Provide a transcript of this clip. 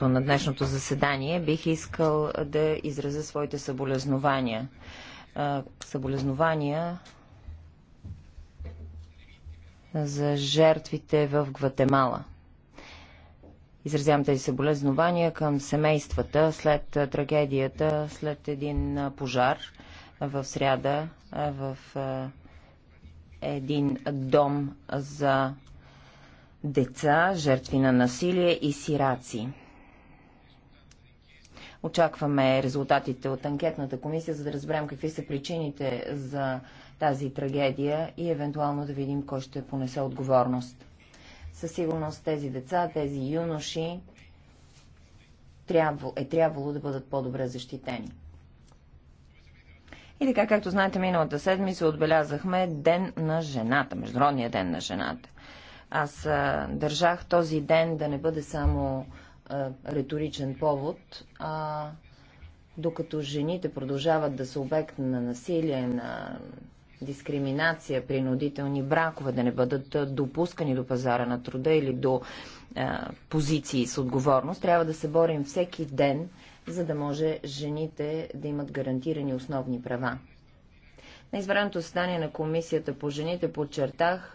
на днешното заседание бих искал да изразя своите съболезнования. Съболезнования за жертвите в Гватемала. Изразявам тези съболезнования към семействата след трагедията, след един пожар в сряда в един дом за деца, жертви на насилие и сираци. Очакваме резултатите от анкетната комисия, за да разберем какви са причините за тази трагедия и евентуално да видим кой ще понесе отговорност. Със сигурност тези деца, тези юноши е трябвало да бъдат по-добре защитени. И така, както знаете, миналата седмица отбелязахме Ден на жената, Международния ден на жената. Аз държах този ден да не бъде само риторичен повод, а докато жените продължават да са обект на насилие, на дискриминация, принудителни бракове, да не бъдат допускани до пазара на труда или до а, позиции с отговорност, трябва да се борим всеки ден, за да може жените да имат гарантирани основни права. На избраното състояние на Комисията по жените подчертах